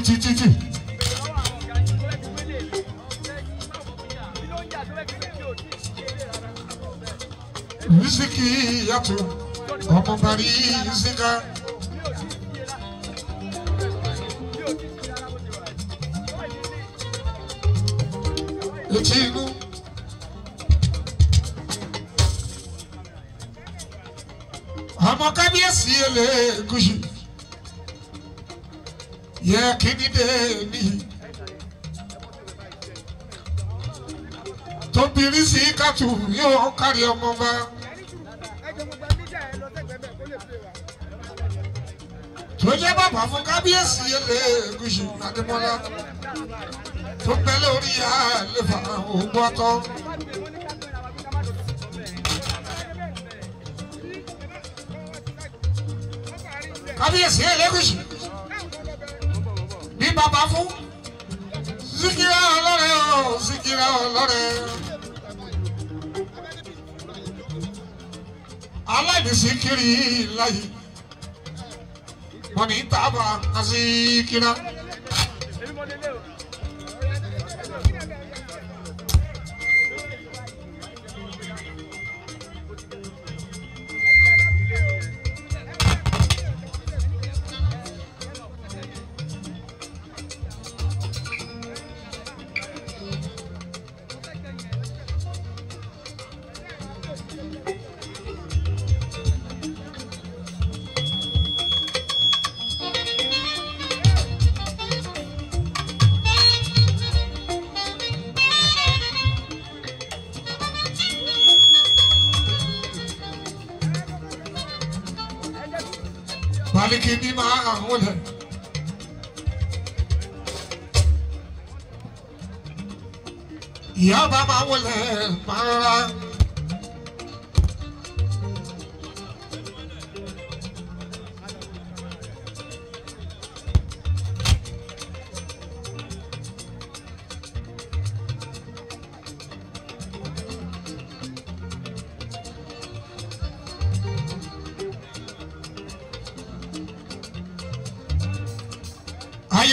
títí títí. Rísíkì yàtọ̀ ọmọ parí síká. Etí inú. Àmọ́ kábíyèsí eléegúsù yẹ kí ni dé ní. tóbìnrin sí kàtù yóò kárí ọmọ bá. tó jẹ́ bàbá fún kábíyèsí Elégùṣì Adémọ́lá tó pẹ́ lórí àlefa ògbó ọtọ́. kábíyèsí Elégùṣì bàbá fún zikira ọlọ́rẹ̀ o Síkírà ọlọ́rẹ̀. aláìníṣí kiri láyé wọn ní málìkì ní máa àwọn lẹ̀. ìyá bá máa wọlé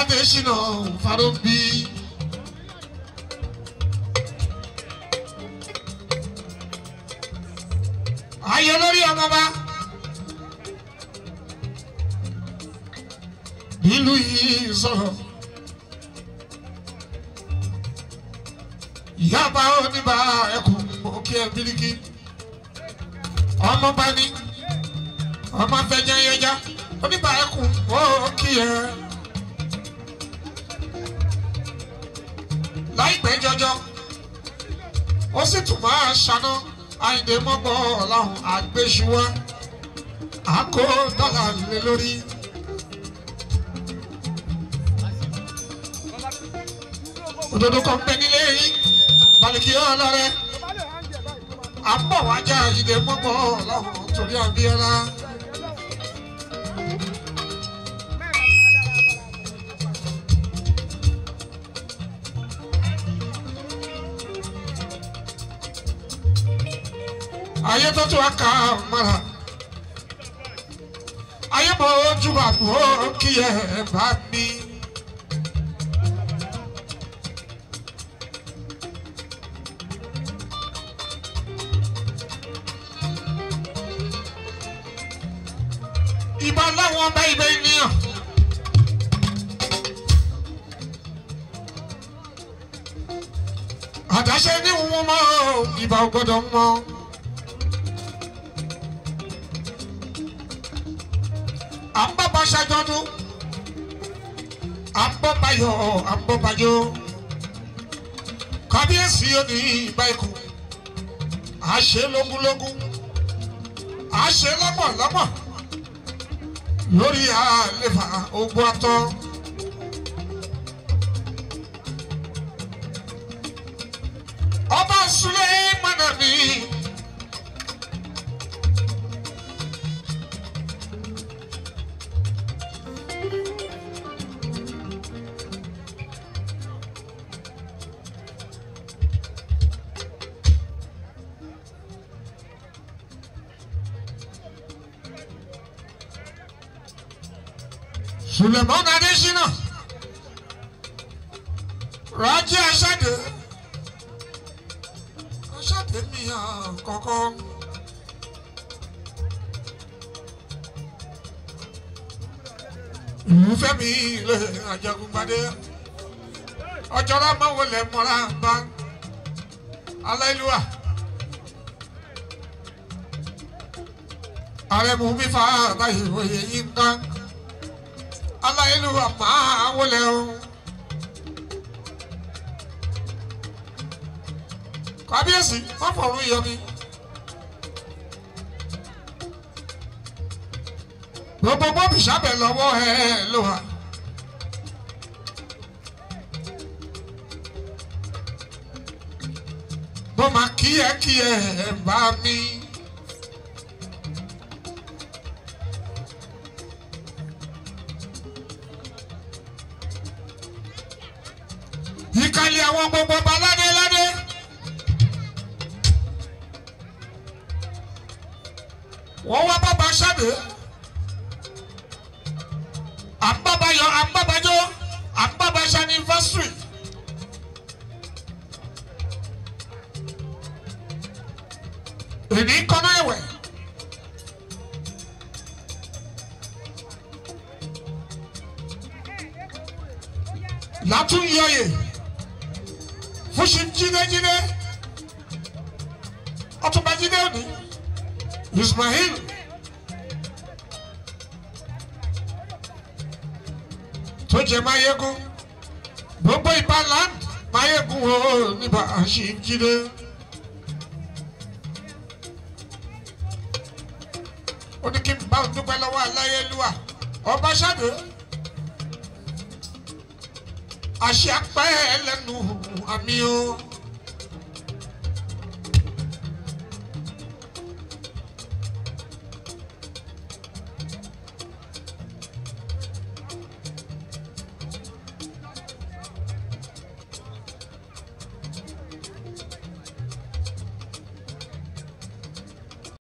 aviation on Farobi. Ayọ̀ lórí ọmọ bá. Ìlú yìí sọ̀rọ̀. Ìyá bá oníbà ẹkùn e, òkè ẹ̀bíríkì. E, ọmọ bá ní. Ọmọ fẹjẹ ba eku? ẹkùn òkè ẹ̀bíríkì. láìpẹ́ jọjọ ó sì tún máa ṣáná àyìndé mọ́gbọ́ ọ̀làhùn àgbéṣuwá àkó dọ́là lé lórí. òdodo kan pẹ́ nílé yìí balùkì ọlọ́rẹ́ àbọ̀wájà àyìndé mọ́gbọ́ ọ̀làhùn torí Abíọ́lá. ayé tó tún wá ká mọ́ra ayé mọ ojú àbúrò kí ẹ bá mi. ìbọn láwọn ọba ìbẹ ènìyàn. àdáṣe ní wọn mọ ìbá ọgbọdọ mọ. wọ́n ṣàjọdún àbọ̀báyọ̀ àbọ̀báyọ̀ kábíyèsí òní ìbá ikú àṣẹ lógúnlógún àṣẹ lọ́mọ̀lọ́mọ̀ lórí àlefa ogun atọ́. Suleiman Adesina Raji Asade Asade mi hàn kankan. Ìfẹ́mi ilé Ajagungbadé ọjọ́rọ́ mọ́wọlé mọ́ra bá aláìlúwà. Ààrẹ mú mi fa àbáyé ìwòye yín kan aláyélúwà máa wọlé o. kábíyèsí má fọ̀rún yọ mi. gbogbo bọ́ọ̀bù sábẹ̀ lọ́wọ́ ẹ̀ ló wà. bó máa kíyẹ́kíyẹ́ bá mi. àwọn gbogbo ọba ládé ládé. wọ́n wá bàbá ṣàdé àbábáyọ àbábájọ àbábáṣà ní anniversary. èmi kọ́nà ẹ̀wẹ̀. látún yọyè bó ṣe jídéjídé ọtúnba jídé òní Ismail tó jẹ mayegun gbogbo ìbá land mayegun o níbà àṣìjídé. ó ní kí n bá òun dúpẹ́ lọ́wọ́ aláyélúwà àṣẹ apá ẹ lẹ́nu àmì o.